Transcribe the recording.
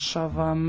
Hvala vam